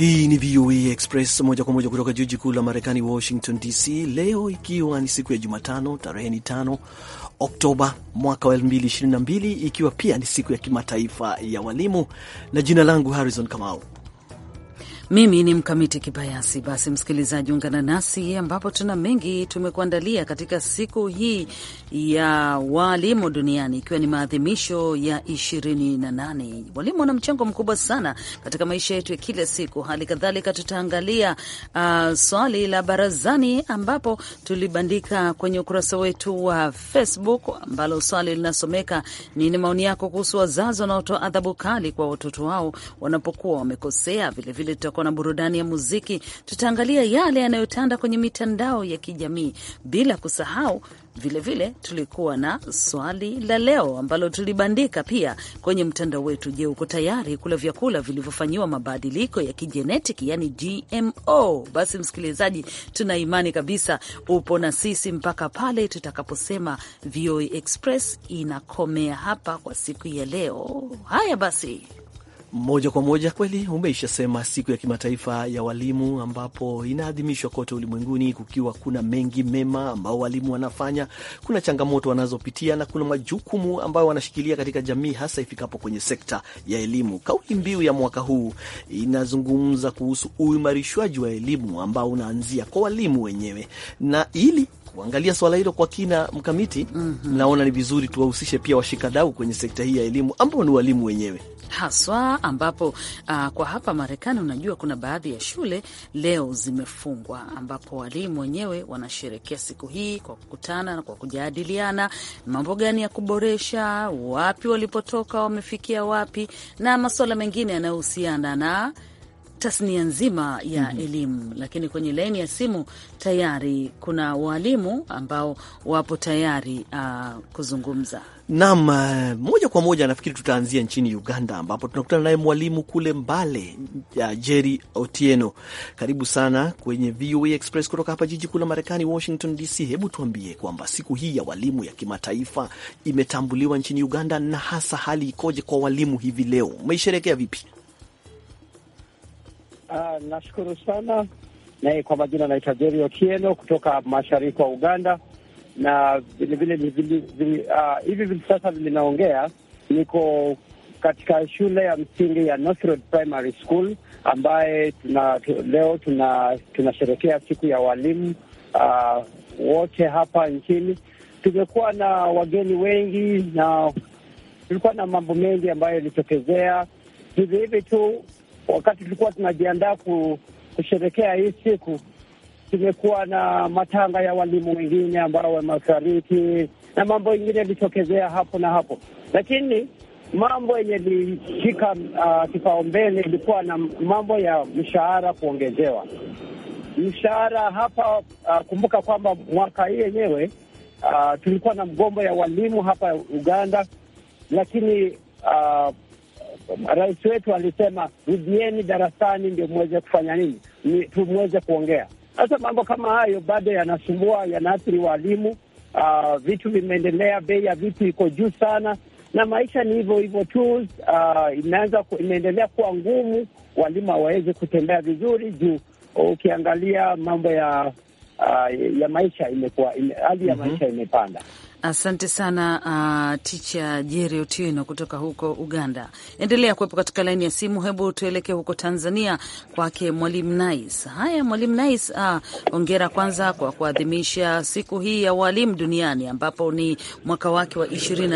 Hii ni VOA e Express moja kwa moja kutoka jiji kuu la Marekani, Washington DC. Leo ikiwa ni siku ya Jumatano, tarehe ni tano Oktoba mwaka wa 2022, ikiwa pia ni siku ya kimataifa ya walimu, na jina langu Harrison Kamau. Mimi ni Mkamiti Kibayasi. Basi msikilizaji, ungana nasi ambapo tuna mengi tumekuandalia katika siku hii ya walimu duniani, ikiwa ni maadhimisho ya ishirini na nane. Walimu wana mchango mkubwa sana katika maisha yetu ya kila siku. Hali kadhalika tutaangalia uh, swali la barazani ambapo tulibandika kwenye ukurasa wetu wa Facebook ambalo swali linasomeka, nini maoni yako kuhusu wazazi wanaotoa adhabu kali kwa watoto wao wanapokuwa wamekosea? Vilevile tutakuwa tutakuwa na burudani ya muziki, tutaangalia yale yanayotanda kwenye mitandao ya kijamii, bila kusahau vilevile vile, tulikuwa na swali la leo ambalo tulibandika pia kwenye mtandao wetu. Je, uko tayari kula vyakula vilivyofanyiwa mabadiliko ya kijenetiki yani GMO? Basi msikilizaji, tuna imani kabisa upo na sisi mpaka pale tutakaposema VOA e Express inakomea hapa kwa siku ya leo. Haya basi moja kwa moja kweli umeishasema siku ya kimataifa ya walimu ambapo inaadhimishwa kote ulimwenguni, kukiwa kuna mengi mema ambao walimu wanafanya, kuna changamoto wanazopitia na kuna majukumu ambayo wanashikilia katika jamii, hasa ifikapo kwenye sekta ya elimu. Kauli mbiu ya mwaka huu inazungumza kuhusu uimarishwaji wa elimu ambao unaanzia kwa walimu wenyewe, na ili kuangalia swala hilo kwa kina mkamiti, mm -hmm. Naona ni vizuri tuwahusishe pia washikadau kwenye sekta hii ya elimu ambao ni walimu wenyewe haswa ambapo uh, kwa hapa Marekani unajua kuna baadhi ya shule leo zimefungwa, ambapo walimu wenyewe wanasherekea siku hii kwa kukutana na kwa kujadiliana mambo gani ya kuboresha, wapi walipotoka, wamefikia wapi, na masuala mengine yanayohusiana na tasnia nzima ya mm -hmm. elimu. Lakini kwenye laini ya simu tayari kuna walimu ambao wapo tayari uh, kuzungumza nam uh, moja kwa moja. Nafikiri tutaanzia nchini Uganda ambapo tunakutana naye mwalimu kule Mbale, uh, Jerry Otieno. Karibu sana kwenye VOA Express kutoka hapa jiji kuu la Marekani, Washington DC. Hebu tuambie kwamba siku hii ya walimu ya kimataifa imetambuliwa nchini Uganda, na hasa hali ikoje kwa walimu hivi leo? Umeisherekea vipi? Ah, nashukuru sana na Kwa majina naitwa Jeri Otieno kutoka mashariki wa Uganda, na vilevile ah, hivi uh, sasa vilinaongea niko katika shule ya msingi ya North Road Primary School ambaye tuna, leo tunasherekea tuna siku ya walimu uh, wote hapa nchini. Tumekuwa na wageni wengi na tulikuwa na mambo mengi ambayo yalitokezea hivi hivi tu wakati tulikuwa tunajiandaa kusherekea hii siku, tumekuwa na matanga ya walimu wengine ambao wamefariki na mambo ingine yalitokezea hapo na hapo, lakini mambo yenye ilishika uh, kipaumbele ilikuwa na mambo ya mshahara kuongezewa mshahara hapa. Uh, kumbuka kwamba mwaka hii yenyewe uh, tulikuwa na mgomo ya walimu hapa Uganda, lakini uh, Rais wetu alisema rudieni darasani ndio mweze kufanya nini, tumweze kuongea. Sasa mambo kama hayo bado yanasumbua, yanaathiri waalimu. Uh, ah, vitu vimeendelea, bei ya vitu iko juu sana, na maisha ni hivyo hivyo tu. Uh, imeanza ku, imeendelea kuwa ngumu, walimu hawawezi kutembea vizuri juu ukiangalia mambo ya uh, ya maisha imekuwa hali ime, ya mm -hmm. maisha imepanda. Asante sana uh, ticha Jeri Otieno kutoka huko Uganda. Endelea kuwepo katika laini ya simu. Hebu tuelekee huko Tanzania kwake mwalimu Nais. Haya, mwalimu Nais, uh, ongera kwanza kwa kuadhimisha siku hii ya walimu duniani ambapo ni mwaka wake wa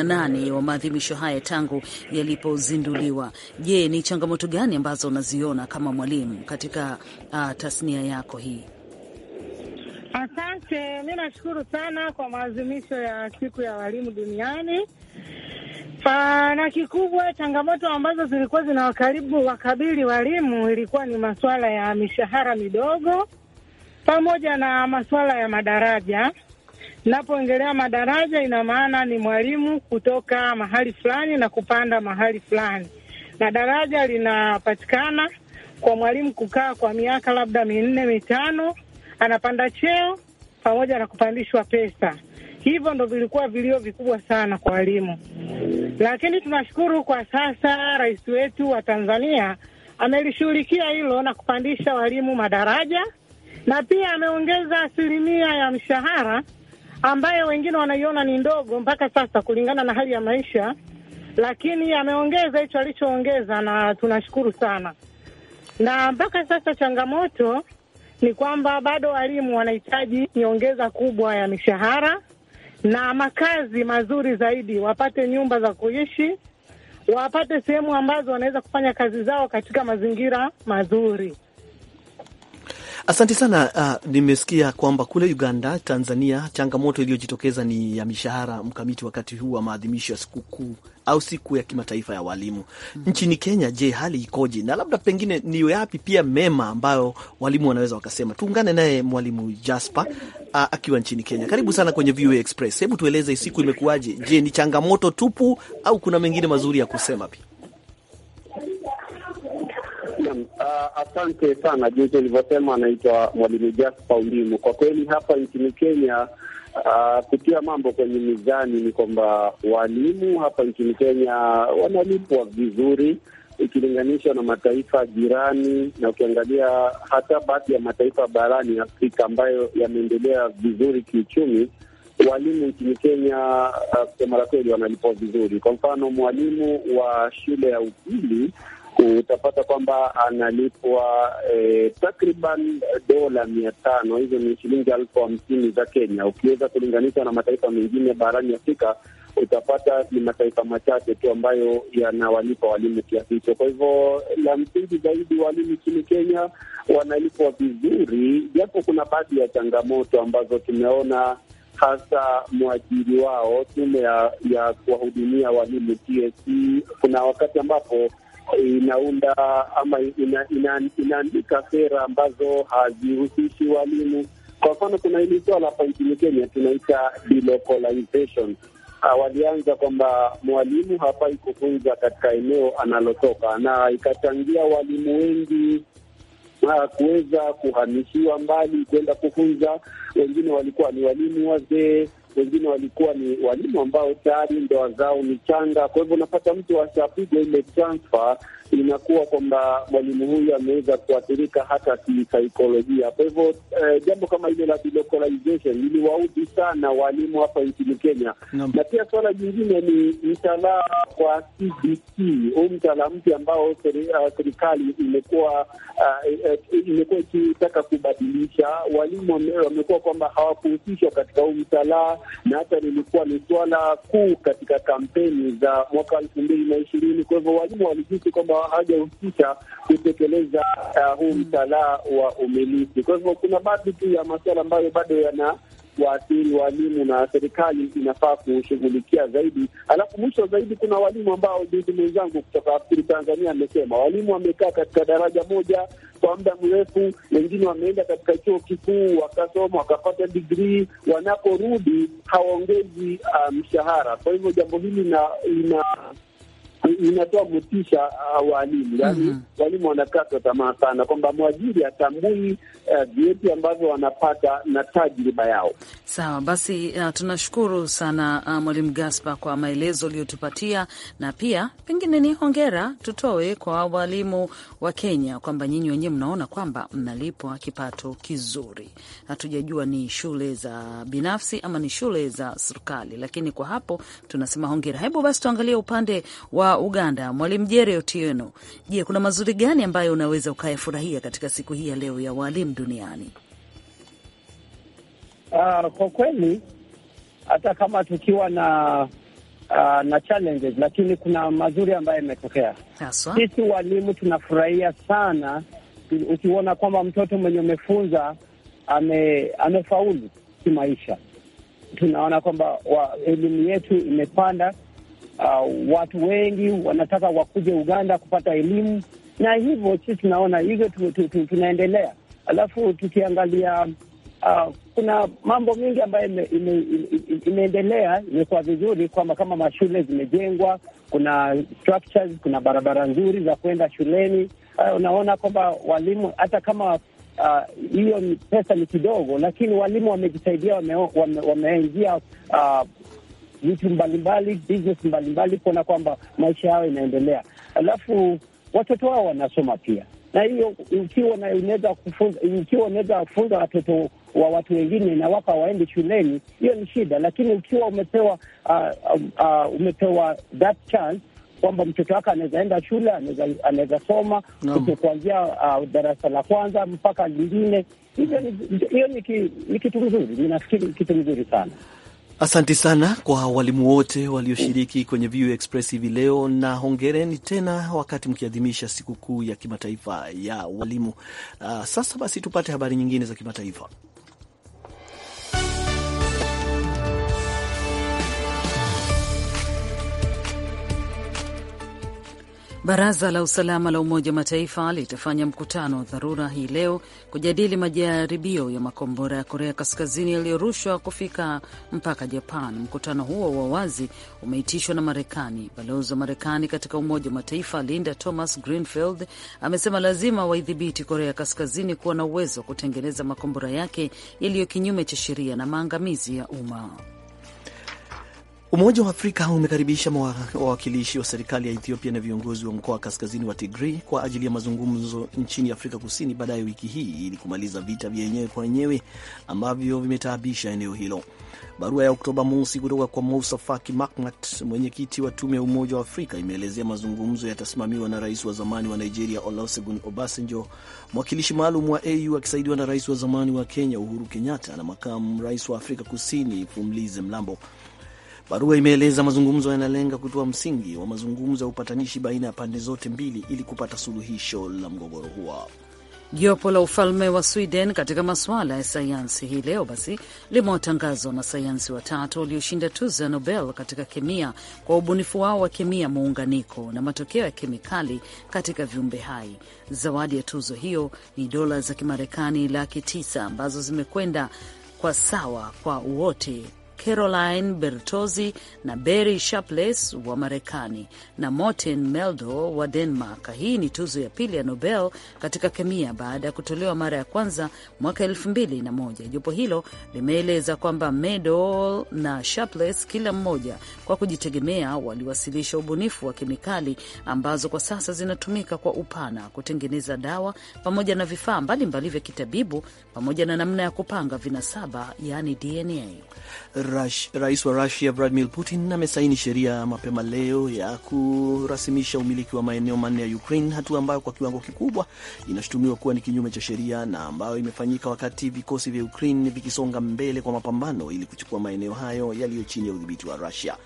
nane wa maadhimisho haya tangu yalipozinduliwa. Je, ni changamoto gani ambazo unaziona kama mwalimu katika uh, tasnia yako hii? Asante, mi nashukuru sana kwa maadhimisho ya siku ya walimu duniani. Pa, na kikubwa changamoto ambazo zilikuwa zinawakaribu wakabili walimu ilikuwa ni masuala ya mishahara midogo pamoja na masuala ya madaraja. Napoongelea madaraja, ina maana ni mwalimu kutoka mahali fulani na kupanda mahali fulani, na daraja linapatikana kwa mwalimu kukaa kwa miaka labda minne mitano anapanda cheo pamoja na kupandishwa pesa. Hivyo ndo vilikuwa vilio vikubwa sana kwa walimu, lakini tunashukuru kwa sasa rais wetu wa Tanzania amelishughulikia hilo na kupandisha walimu madaraja na pia ameongeza asilimia ya mshahara ambayo wengine wanaiona ni ndogo mpaka sasa kulingana na hali ya maisha, lakini ameongeza hicho alichoongeza, na tunashukuru sana. Na mpaka sasa changamoto ni kwamba bado walimu wanahitaji nyongeza kubwa ya mishahara na makazi mazuri zaidi, wapate nyumba za kuishi, wapate sehemu ambazo wanaweza kufanya kazi zao katika mazingira mazuri. Asante sana. Uh, nimesikia kwamba kule Uganda, Tanzania, changamoto iliyojitokeza ni ya mishahara mkamiti, wakati huu wa maadhimisho ya sikukuu au siku ya kimataifa ya walimu nchini Kenya. Je, hali ikoje? Na labda pengine ni yapi pia mema ambayo walimu wanaweza wakasema? Tuungane naye mwalimu Jasper akiwa nchini Kenya. Karibu sana kwenye VOA Express. Hebu tueleze siku imekuwaje? Je, ni changamoto tupu au kuna mengine mazuri ya kusema pia? Naam, uh, asante sana. Jinsi ilivyosema anaitwa Mwalimu Jas Paulimu. Kwa kweli hapa nchini Kenya uh, kutia mambo kwenye mizani ni kwamba walimu hapa nchini Kenya wanalipwa vizuri ikilinganishwa na mataifa jirani, na ukiangalia hata baadhi ya mataifa barani Afrika ambayo yameendelea vizuri kiuchumi, walimu nchini Kenya uh, ah, mara kweli wanalipwa vizuri. Kwa mfano mwalimu wa shule ya upili utapata kwamba analipwa eh, takriban dola mia tano. Hizo ni shilingi elfu hamsini za Kenya. Ukiweza kulinganisha na mataifa mengine barani Afrika, utapata ni mataifa machache tu ambayo yanawalipa walimu kiasi hicho. Kwa hivyo la msingi zaidi, walimu nchini Kenya wanalipwa vizuri, japo kuna baadhi ya changamoto ambazo tumeona hasa mwajiri wao tume ya, ya kuwahudumia walimu TSC. Kuna wakati ambapo inaunda ama ina, ina, inaandika sera ambazo hazihusishi walimu. Kwa mfano, kuna hili swala hapa nchini Kenya tunaita delocalization. Ah, walianza kwamba mwalimu hafai kufunza katika eneo analotoka, na ikachangia walimu wengi ah, kuweza kuhamishiwa mbali kwenda kufunza. Wengine walikuwa ni walimu wazee wengine walikuwa ni walimu ambao tayari ndoa zao ni changa. Kwa hivyo unapata mtu ashapiga ile transfer inakuwa kwamba mwalimu huyu ameweza kuathirika hata kisaikolojia. Kwa hivyo eh, jambo kama ile la delocalization liliwaudhi sana walimu hapa nchini Kenya no. Na pia suala jingine ni mtalaa wa CBC, huu mtaala mpya ambao eh, serikali uh, imekuwa uh, imekuwa ikitaka kubadilisha. Walimu wamekuwa kwamba hawakuhusishwa katika huu mtalaa na hata lilikuwa ni suala kuu katika kampeni za mwaka elfu mbili na ishirini. Kwa hivyo walimu walihisi kwamba kwamba hawajahusika kutekeleza uh, huu mtalaa wa umiliki. Kwa hivyo kuna baadhi tu ya masuala ambayo bado yana waathiri walimu na serikali inafaa kushughulikia zaidi. Alafu mwisho zaidi, kuna walimu ambao juzi mwenzangu kutoka Afkiri Tanzania amesema walimu wamekaa katika daraja moja kwa muda mrefu, wengine wameenda katika chuo kikuu wakasoma wakapata digrii, wanaporudi hawaongezi uh, mshahara. Um, kwa hivyo jambo hili lina inatoa motisha uh, waalimu yaani, mm -hmm. Walimu wanakatwa tamaa sana kwamba mwajiri atambui uh, vyeti uh, ambavyo wanapata na tajriba yao. Sawa basi, uh, tunashukuru sana uh, Mwalimu Gaspa kwa maelezo uliyotupatia, na pia pengine ni hongera tutoe kwa walimu wa Kenya kwamba nyinyi wenyewe mnaona kwamba mnalipwa kipato kizuri. Hatujajua ni shule za binafsi ama ni shule za serikali, lakini kwa hapo tunasema hongera. Hebu basi tuangalie upande wa Uganda, Mwalimu Jere Otieno, je, kuna mazuri gani ambayo unaweza ukayafurahia katika siku hii ya leo ya waalimu duniani? Uh, kwa kweli hata kama tukiwa na uh, na challenges lakini kuna mazuri ambayo yametokea. Sisi walimu tunafurahia sana ukiona kwamba mtoto mwenye umefunza ame, amefaulu kimaisha. Tunaona kwamba elimu yetu imepanda uh, watu wengi wanataka wakuje Uganda kupata elimu, na hivyo sisi tunaona hivyo tu, tu, tu, tunaendelea. Alafu tukiangalia uh, kuna mambo mengi ambayo imeendelea, imekuwa vizuri kwamba kama mashule zimejengwa, kuna structures, kuna barabara nzuri za kuenda shuleni. Uh, unaona kwamba walimu hata kama uh, hiyo uh, pesa ni kidogo, lakini walimu wamejisaidia, wameingia wame, wame uh, vitu mbalimbali, business mbalimbali, kuona kwamba maisha yao inaendelea, alafu watoto wao wanasoma pia. Na hiyo ukiwa unaweza kufunza, ukiwa unaweza kufunza watoto wa watu wengine na wako hawaendi shuleni, hiyo ni shida, lakini ukiwa umepewa uh, uh, umepewa that chance kwamba mtoto wake anaweza enda shule, anaweza soma no. kuanzia uh, darasa la kwanza mpaka lingine. Hiyo ni kitu mzuri, ninafikiri kitu mzuri sana. Asante sana kwa walimu wote walioshiriki kwenye VU Express hivi leo, na hongereni tena wakati mkiadhimisha sikukuu ya kimataifa ya walimu. Uh, sasa basi tupate habari nyingine za kimataifa. Baraza la usalama la Umoja wa Mataifa litafanya mkutano wa dharura hii leo kujadili majaribio ya makombora ya Korea Kaskazini yaliyorushwa kufika mpaka Japan. Mkutano huo wa wazi umeitishwa na Marekani. Balozi wa Marekani katika Umoja wa Mataifa Linda Thomas Greenfield amesema lazima waidhibiti Korea Kaskazini kuwa na uwezo wa kutengeneza makombora yake yaliyo kinyume cha sheria na maangamizi ya umma. Umoja wa Afrika umekaribisha wawakilishi wa serikali ya Ethiopia na viongozi wa mkoa wa kaskazini wa Tigray kwa ajili ya mazungumzo nchini Afrika Kusini baadaye wiki hii ili kumaliza vita vya wenyewe kwa wenyewe ambavyo vimetaabisha eneo hilo. Barua ya Oktoba mosi kutoka kwa Mousa Faki Mahamat, mwenyekiti wa tume ya Umoja wa Afrika, imeelezea mazungumzo yatasimamiwa na rais wa zamani wa Nigeria Olusegun Obasanjo, mwakilishi maalum wa AU akisaidiwa na rais wa zamani wa Kenya Uhuru Kenyatta na makamu rais wa Afrika Kusini Fumlize Mlambo. Barua imeeleza mazungumzo yanalenga kutoa msingi wa mazungumzo ya upatanishi baina ya pande zote mbili ili kupata suluhisho la mgogoro huo. Jopo la ufalme wa Sweden katika masuala ya sayansi hii leo basi limewatangaza wanasayansi watatu walioshinda tuzo ya Nobel katika kemia kwa ubunifu wao wa kemia muunganiko na matokeo ya kemikali katika viumbe hai. Zawadi ya tuzo hiyo ni dola za Kimarekani laki tisa ambazo zimekwenda kwa sawa kwa wote Caroline Bertozzi na Barry Sharpless wa Marekani na Morten meldo wa Denmark. Hii ni tuzo ya pili ya Nobel katika kemia baada ya kutolewa mara ya kwanza mwaka elfu mbili na moja. Jopo hilo limeeleza kwamba Meldal na Sharpless kila mmoja kwa kujitegemea waliwasilisha ubunifu wa kemikali ambazo kwa sasa zinatumika kwa upana kutengeneza dawa pamoja na vifaa mbalimbali vya kitabibu pamoja na namna ya kupanga vinasaba, yani DNA. Rash, Rais wa Rusia Vladimir Putin amesaini sheria mapema leo ya kurasimisha umiliki wa maeneo manne ya Ukraine, hatua ambayo kwa kiwango kikubwa inashutumiwa kuwa ni kinyume cha sheria na ambayo imefanyika wakati vikosi vya Ukraine vikisonga mbele kwa mapambano ili kuchukua maeneo hayo yaliyo chini ya udhibiti wa Rusia.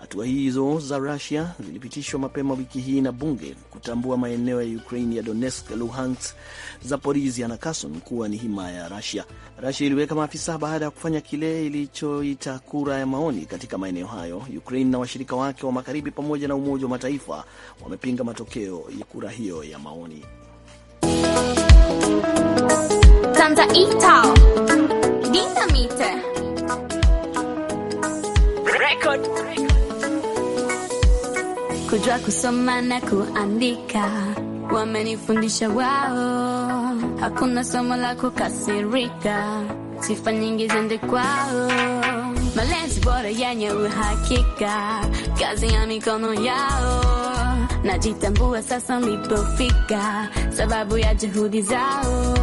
Hatua hizo za Rusia zilipitishwa mapema wiki hii na bunge kutambua maeneo ya Ukraine ya Donetsk, Luhansk, Zaporizhia na Kherson kuwa ni himaya ya Rusia. Rusia iliweka maafisa baada ya kufanya kile ilichoita kura ya maoni katika maeneo hayo. Ukraine na washirika wake wa magharibi pamoja na Umoja wa Mataifa wamepinga matokeo ya kura hiyo ya maoni. Record. Record kujua kusoma na kuandika Wamenifundisha wao, hakuna somo la kukasirika, sifa nyingi zende kwao, malezi bora yenye uhakika, kazi ya mikono yao. Najitambua sasa nilipofika, sababu ya juhudi zao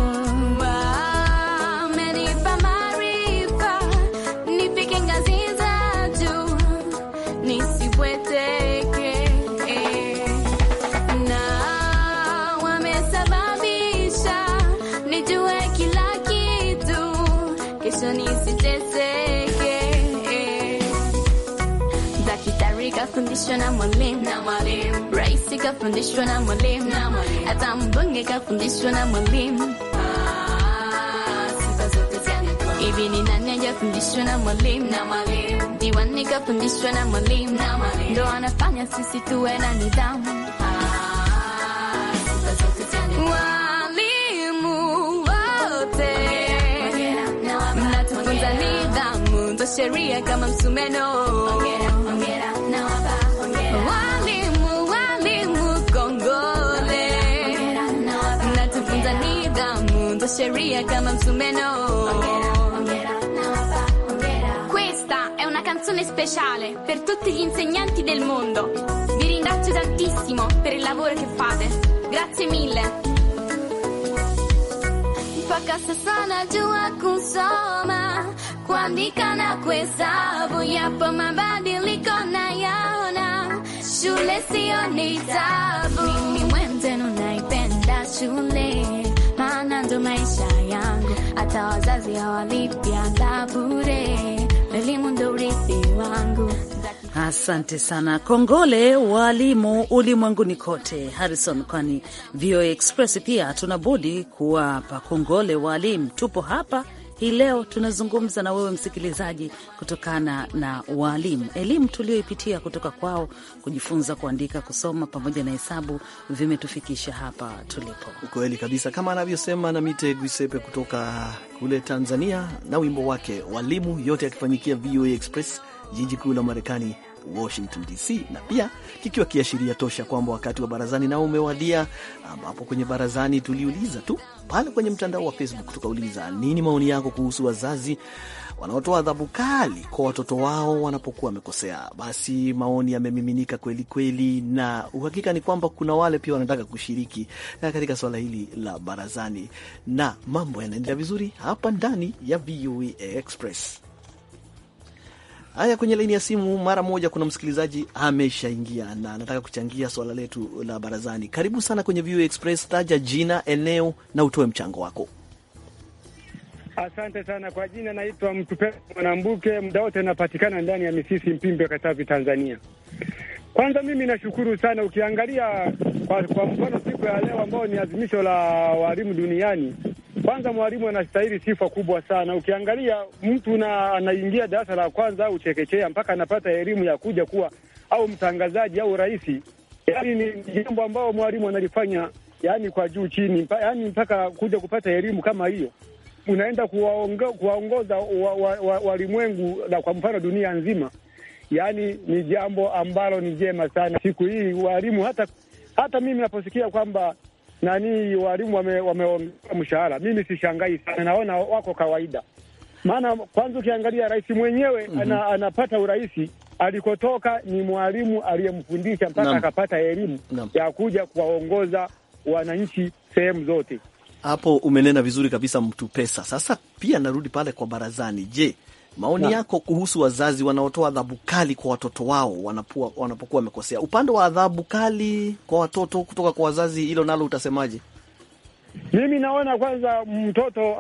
kafundishwa na mwalimu, na mwalimu, rais kafundishwa na mwalimu, na mwalimu, hata mbunge kafundishwa na mwalimu. Hivi ni nani hajafundishwa na mwalimu? na mwalimu? Diwani kafundishwa na mwalimu, na mwalimu, ndo anafanya sisi tuwe na nidhamu. sheria kama msumeno. sheria kama msumeno. Questa è una canzone speciale per tutti gli insegnanti del mondo. Vi ringrazio tantissimo per il lavoro che fate. Grazie mille. Pakasa sana jua kusoma kuandika na kuhesabu yapo mabadiliko nayaona shule sio ni tabu mimi mwenze naipenda shule maana ndo maisha yangu, hata wazazi hawanipianga bure, elimu ndo urithi wangu. Asante sana, kongole walimu ulimwenguni kote. Harrison, kwani VOA Express pia tuna budi kuwapa kongole walimu. Tupo hapa hii leo tunazungumza na wewe msikilizaji, kutokana na waalimu, elimu tuliyoipitia kutoka kwao, kujifunza kuandika, kusoma pamoja na hesabu vimetufikisha hapa tulipo. Kweli kabisa, kama anavyosema Namite Guisepe kutoka kule Tanzania na wimbo wake Walimu, yote yakifanyikia VOA e Express, jiji kuu la Marekani, Washington DC, na pia kikiwa kiashiria tosha kwamba wakati wa barazani nao umewadia, ambapo kwenye barazani tuliuliza tu pale kwenye mtandao wa Facebook, tukauliza nini maoni yako kuhusu wazazi wanaotoa adhabu kali kwa watoto wao wanapokuwa wamekosea. Basi maoni yamemiminika kweli kweli, na uhakika ni kwamba kuna wale pia wanataka kushiriki katika swala hili la barazani, na mambo yanaendelea vizuri hapa ndani ya VOA e Express. Haya, kwenye laini ya simu mara moja, kuna msikilizaji ameshaingia na anataka kuchangia swala letu la barazani. Karibu sana kwenye VOA Express, taja jina, eneo na utoe mchango wako. Asante sana kwa jina, naitwa mtupe Mwanambuke, muda wote anapatikana ndani ya Misisi Mpimbe, Katavi, Tanzania. Kwanza mimi nashukuru sana. Ukiangalia kwa, kwa mfano siku ya leo ambayo ni azimisho la walimu duniani, kwanza mwalimu anastahili sifa kubwa sana. Ukiangalia mtu na anaingia darasa la kwanza au chekechea mpaka anapata elimu ya kuja kuwa au mtangazaji au rais, yani ni jambo ambao mwalimu analifanya yani kwa juu chini, yani mpaka kuja kupata elimu kama hiyo unaenda kuwaongoza walimwengu wa, wa, wa na kwa mfano dunia nzima, yaani ni jambo ambalo ni jema sana. Siku hii walimu hata hata mimi naposikia kwamba nani walimu wameongeza wame mshahara, mimi sishangai sana, naona wako kawaida. Maana kwanza ukiangalia rais mwenyewe mm -hmm. ana, anapata urais alikotoka ni mwalimu aliyemfundisha mpaka akapata elimu ya kuja kuwaongoza wananchi sehemu zote. Hapo umenena vizuri kabisa, mtu pesa. Sasa pia narudi pale kwa barazani. Je, maoni na yako kuhusu wazazi wanaotoa adhabu kali kwa watoto wao wanapokuwa wamekosea. Upande wa adhabu kali kwa watoto kutoka kwa wazazi, hilo nalo utasemaje? Mimi naona kwanza, mtoto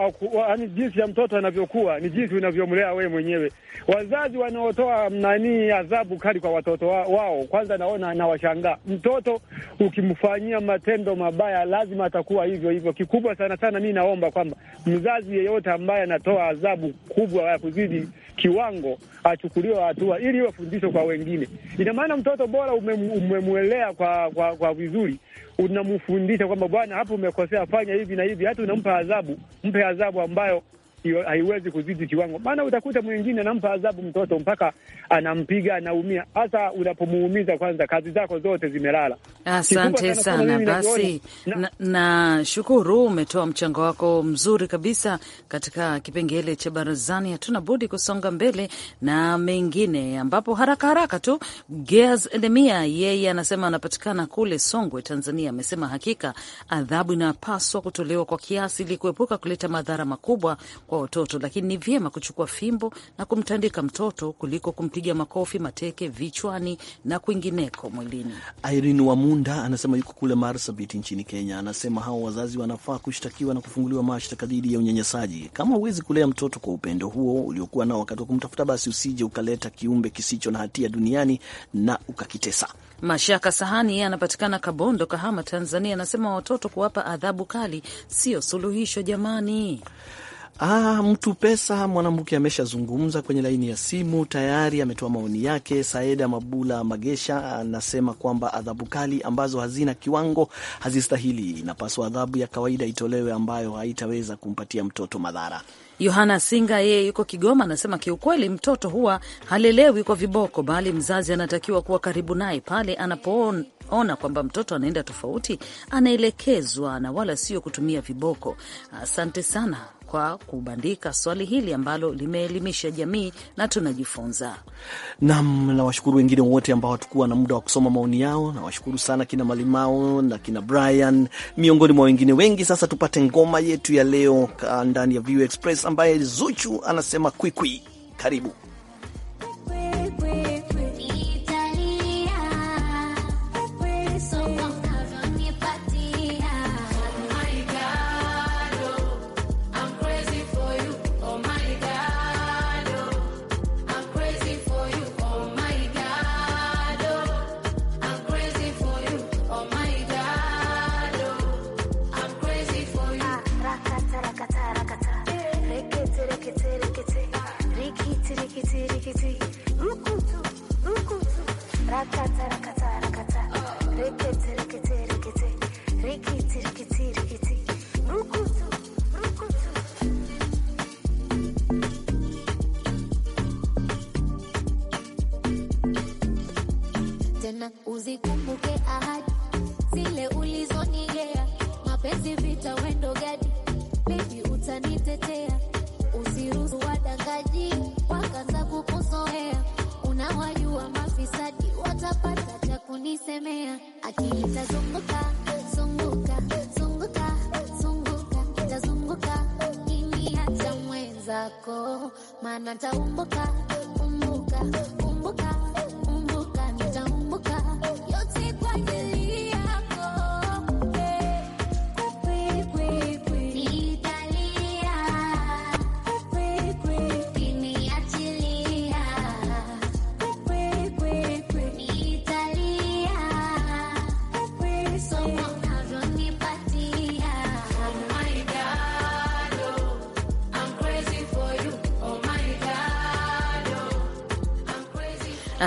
yani jinsi ya mtoto anavyokuwa ni jinsi unavyomlea wewe mwenyewe. Wazazi wanaotoa nani adhabu kali kwa watoto wa, wao, kwanza naona nawashangaa. Mtoto ukimfanyia matendo mabaya lazima atakuwa hivyo hivyo. Kikubwa sana sana, mi naomba kwamba mzazi yeyote ambaye anatoa adhabu kubwa ya kuzidi kiwango achukuliwe hatua ili iwe fundisho kwa wengine. Ina maana mtoto bora umemwelea kwa, kwa, kwa vizuri, unamfundisha kwamba bwana, hapo umekosea, fanya hivi na hivi, hata unampa adhabu, mpe adhabu ambayo haiwezi kuzidi kiwango, maana utakuta mwingine anampa adhabu mtoto mpaka anampiga anaumia. Hasa unapomuumiza kwanza, kazi zako zote zimelala. Asante sana. Basi na, na shukuru, umetoa mchango wako mzuri kabisa katika kipengele cha barazani. Hatuna budi kusonga mbele na mengine, ambapo haraka haraka tu Geas Edemia yeye anasema anapatikana kule Songwe, Tanzania. Amesema hakika adhabu inapaswa kutolewa kwa kiasi ili kuepuka kuleta madhara makubwa kwa kwa watoto, lakini ni vyema kuchukua fimbo na kumtandika mtoto kuliko kumpiga makofi, mateke vichwani na kwingineko mwilini. Irene Wamunda anasema yuko kule Marsabit nchini Kenya. Anasema hao wazazi wanafaa kushtakiwa na kufunguliwa mashtaka dhidi ya unyanyasaji. Kama huwezi kulea mtoto kwa upendo huo uliokuwa nao wakati wa kumtafuta, basi usije ukaleta kiumbe kisicho na hatia duniani na ukakitesa. Mashaka Sahani yeye anapatikana Kabondo, Kahama, Tanzania, anasema watoto kuwapa adhabu kali sio suluhisho jamani. Ah, mtu pesa mwanamke ameshazungumza kwenye laini ya simu tayari, ametoa maoni yake. Saeda Mabula Magesha anasema kwamba adhabu kali ambazo hazina kiwango hazistahili, inapaswa adhabu ya kawaida itolewe ambayo haitaweza kumpatia mtoto madhara. Yohana Singa yeye yuko Kigoma, anasema kiukweli, mtoto huwa halelewi kwa viboko, bali mzazi anatakiwa kuwa karibu naye pale anapoona ona kwamba mtoto anaenda tofauti, anaelekezwa na wala sio kutumia viboko. Asante sana kwa kubandika swali hili ambalo limeelimisha jamii na tunajifunza. Naam, nawashukuru wengine wote ambao hatukuwa na muda wa kusoma maoni yao. Nawashukuru sana kina Malimao na kina Brian miongoni mwa wengine wengi. Sasa tupate ngoma yetu ya leo ndani ya vexpress Express ambaye Zuchu anasema kwikwi. Karibu. kunisemea ati nitazunguka zunguka zunguka zunguka nitazunguka kimia cha mwenzako maana taumbuka umbuka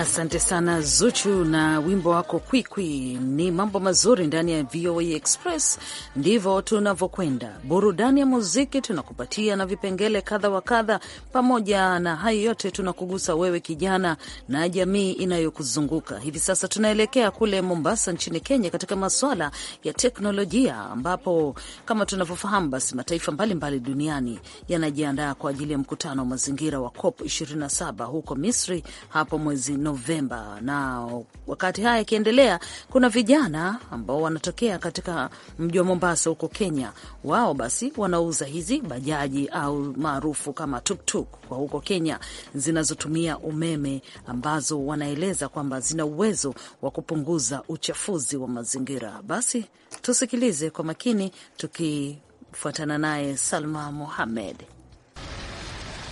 Asante sana Zuchu na wimbo wako kwikwi. Ni mambo mazuri ndani ya VOA Express, ndivyo tunavyokwenda. Burudani ya muziki tunakupatia na vipengele kadha wa kadha. Pamoja na hayo yote, tunakugusa wewe kijana na jamii inayokuzunguka hivi sasa. Tunaelekea kule Mombasa nchini Kenya, katika maswala ya teknolojia, ambapo kama tunavyofahamu, basi mataifa mbalimbali mbali duniani yanajiandaa kwa ajili ya mkutano wa mazingira wa COP 27 huko Misri hapo mwezi Novemba. Na wakati haya yakiendelea, kuna vijana ambao wanatokea katika mji wa Mombasa huko Kenya. Wao basi wanauza hizi bajaji au maarufu kama tuktuk kwa huko Kenya, zinazotumia umeme ambazo wanaeleza kwamba zina uwezo wa kupunguza uchafuzi wa mazingira. Basi tusikilize kwa makini, tukifuatana naye Salma Mohamed.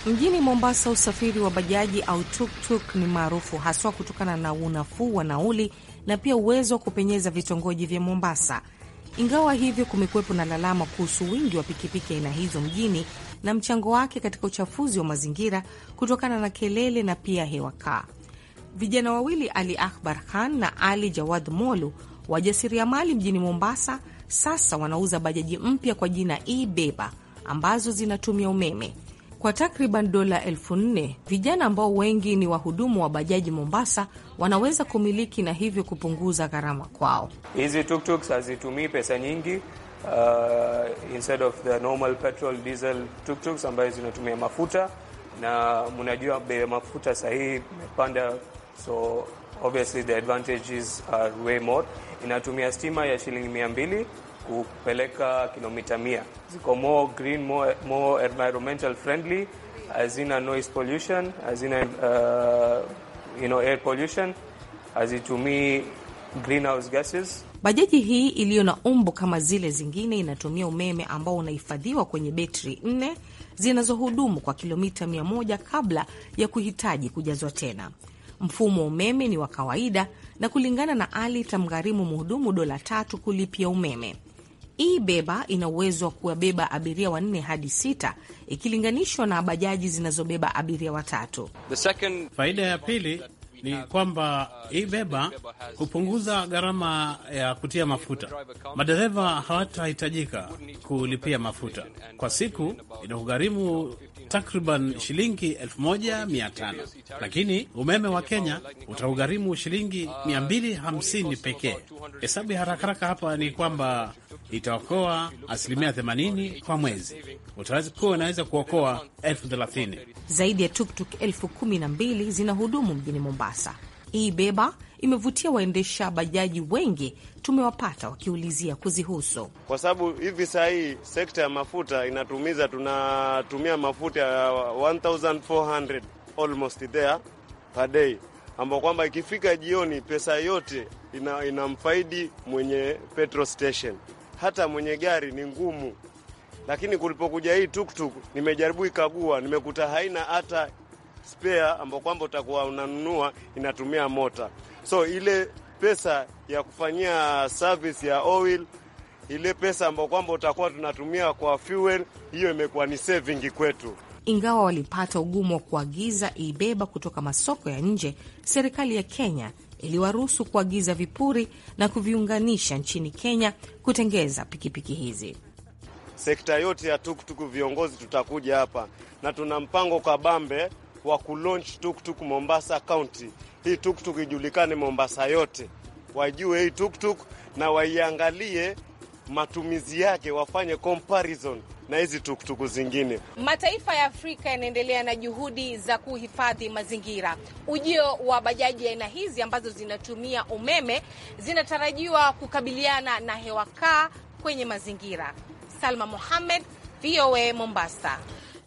Mjini Mombasa, usafiri wa bajaji au tuktuk ni maarufu haswa kutokana na unafuu wa nauli na pia uwezo wa kupenyeza vitongoji vya Mombasa. Ingawa hivyo, kumekuwepo na lalama kuhusu wingi wa pikipiki aina hizo mjini na mchango wake katika uchafuzi wa mazingira kutokana na kelele na pia hewa kaa. Vijana wawili Ali Akbar Khan na Ali Jawad Molu, wajasiriamali mjini Mombasa, sasa wanauza bajaji mpya kwa jina e-Beba ambazo zinatumia umeme kwa takriban dola elfu nne. Vijana ambao wengi ni wahudumu wa bajaji Mombasa wanaweza kumiliki na hivyo kupunguza gharama kwao. Hizi tuktuk hazitumii pesa nyingi uh, instead of the normal petrol diesel tuktuk ambayo zinatumia mafuta, na mnajua bei ya mafuta sahihi imepanda, so obviously the advantages are way more. Inatumia stima ya shilingi mia mbili kupeleka kilomita mia. Ziko more green, more, more environmental friendly, hazina noise pollution, hazina uh, you know, air pollution, hazitumii greenhouse gases. Bajaji hii iliyo na umbo kama zile zingine inatumia umeme ambao unahifadhiwa kwenye betri nne zinazohudumu kwa kilomita 100 kabla ya kuhitaji kujazwa tena. Mfumo wa umeme ni wa kawaida na kulingana na Ali itamgharimu mhudumu dola tatu kulipia umeme. E-beba ina uwezo wa kuwabeba abiria wanne hadi sita ikilinganishwa na bajaji zinazobeba abiria watatu. Second... faida ya pili ni kwamba E-beba hupunguza gharama ya kutia mafuta. Madereva hawatahitajika kulipia mafuta kwa siku, inakugharimu takriban shilingi 1500 lakini umeme wa Kenya utaugharimu shilingi 250 pekee. Hesabu ya harakaraka hapa ni kwamba itaokoa asilimia 80 kwa mwezi, utaweza kuwa unaweza kuokoa elfu Zaidi ya tuktuk elfu zina hudumu mjini Mombasa hii beba imevutia waendesha bajaji wengi tumewapata wakiulizia kuzihusu, kwa sababu hivi saa hii sekta ya mafuta inatumiza, tunatumia mafuta ya 1400 almost there per day, ambao kwamba ikifika jioni pesa yote ina, inamfaidi mwenye petrol station, hata mwenye gari ni ngumu. Lakini kulipokuja hii tuktuk, nimejaribu ikagua, nimekuta haina hata spare ambao kwamba utakuwa unanunua inatumia mota, so ile pesa ya kufanyia service ya oil, ile pesa ambao kwamba utakuwa tunatumia kwa fuel, hiyo imekuwa ni saving kwetu. Ingawa walipata ugumu wa kuagiza ibeba kutoka masoko ya nje, serikali ya Kenya iliwaruhusu kuagiza vipuri na kuviunganisha nchini Kenya kutengeza pikipiki hizi. Sekta yote ya tukutuku, viongozi tutakuja hapa na tuna mpango kabambe wa kulaunch tuktuk Mombasa County, hii tuktuk ijulikane Mombasa yote, wajue hii tuktuk na waiangalie matumizi yake, wafanye comparison na hizi tuktuku zingine. Mataifa ya Afrika yanaendelea na juhudi za kuhifadhi mazingira. Ujio wa bajaji aina hizi ambazo zinatumia umeme zinatarajiwa kukabiliana na hewa kaa kwenye mazingira. Salma Mohamed, VOA Mombasa.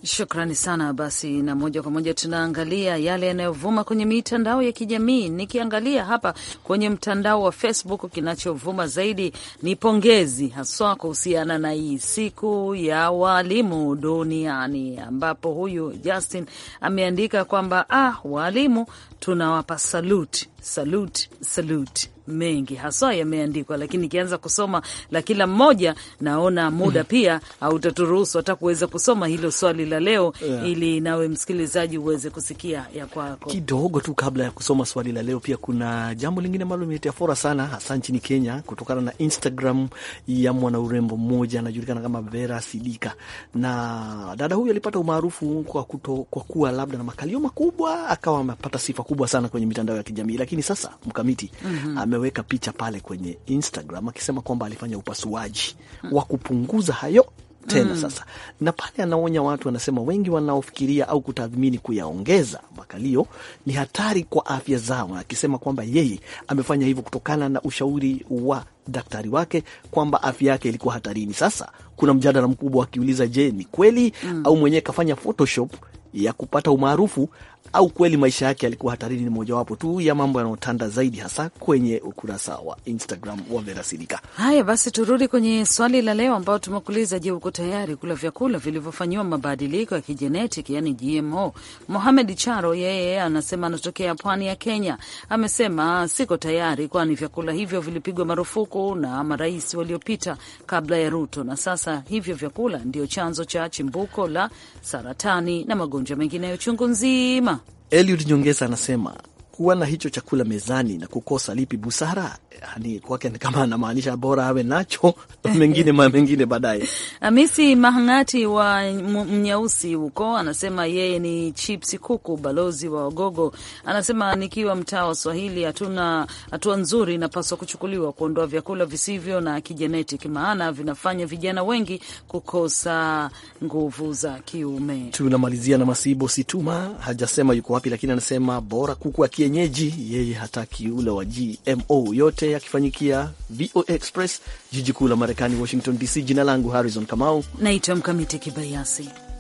Shukrani sana. Basi na moja kwa moja tunaangalia yale yanayovuma kwenye mitandao ya kijamii. Nikiangalia hapa kwenye mtandao wa Facebook, kinachovuma zaidi ni pongezi haswa kuhusiana na hii siku ya waalimu duniani, ambapo huyu Justin ameandika kwamba ah, waalimu tunawapa saluti saluti saluti. Mengi haswa yameandikwa, lakini nikianza kusoma la kila mmoja, naona muda mm. pia hautaturuhusu hata kuweza kusoma hilo swali la leo yeah. Ili nawe msikilizaji uweze kusikia ya kwako kidogo tu. Kabla ya kusoma swali la leo, pia kuna jambo lingine ambalo limetia fora sana, hasa nchini Kenya, kutokana na Instagram ya mwanaurembo mmoja anajulikana kama Vera Sidika, na dada huyu alipata umaarufu kwa, kwa kuwa labda na makalio makubwa, akawa amepata sifa kubwa sana kwenye mitandao ya kijamii, lakini sasa mkamiti mm -hmm. ameweka picha pale kwenye Instagram akisema kwamba alifanya upasuaji mm -hmm. wa kupunguza hayo tena mm. Sasa na pale anaonya watu, anasema wengi wanaofikiria au kutathmini kuyaongeza makalio ni hatari kwa afya zao, akisema kwamba yeye amefanya hivyo kutokana na ushauri wa daktari wake kwamba afya yake ilikuwa hatarini. Sasa kuna mjadala mkubwa akiuliza, je, ni kweli mm. au mwenyewe kafanya photoshop ya kupata umaarufu au kweli maisha yake yalikuwa hatarini, ni mojawapo tu ya mambo yanayotanda zaidi, hasa kwenye ukurasa wa Instagram wa Vera Sidika. Haya basi, turudi kwenye swali la leo ambayo tumekuuliza. Je, uko tayari kula vyakula vilivyofanyiwa mabadiliko ya kijenetiki yani GMO? Mohamed Charo yeye anasema anatokea pwani ya Kenya, amesema siko tayari, kwani vyakula hivyo vilipigwa marufuku na marais waliopita kabla ya Ruto, na sasa hivyo vyakula ndio chanzo cha chimbuko la saratani na magonjwa mengine ya uchungu nzima. Eliud nyongeza anasema kuwa na hicho chakula mezani na kukosa lipi busara? Yani kwake ni kama anamaanisha bora awe nacho mengine ma mengine baadaye. Amisi Mahangati wa Mnyausi huko anasema yeye ni Chips Kuku, balozi wa Ogogo, anasema nikiwa mtaa wa Swahili hatuna hatua nzuri inapaswa kuchukuliwa kuondoa vyakula visivyo na kijenetiki, maana vinafanya vijana wengi kukosa nguvu za kiume. Tunamalizia na Masibo Situma, hajasema yuko wapi, lakini anasema bora kuku akie kienyeji, yeye hataki ule wa GMO. Yote yakifanyikia VOA Express, jiji kuu la Marekani, Washington DC. Jina langu Harrison Kamau, naitwa Mkamiti Kibayasi.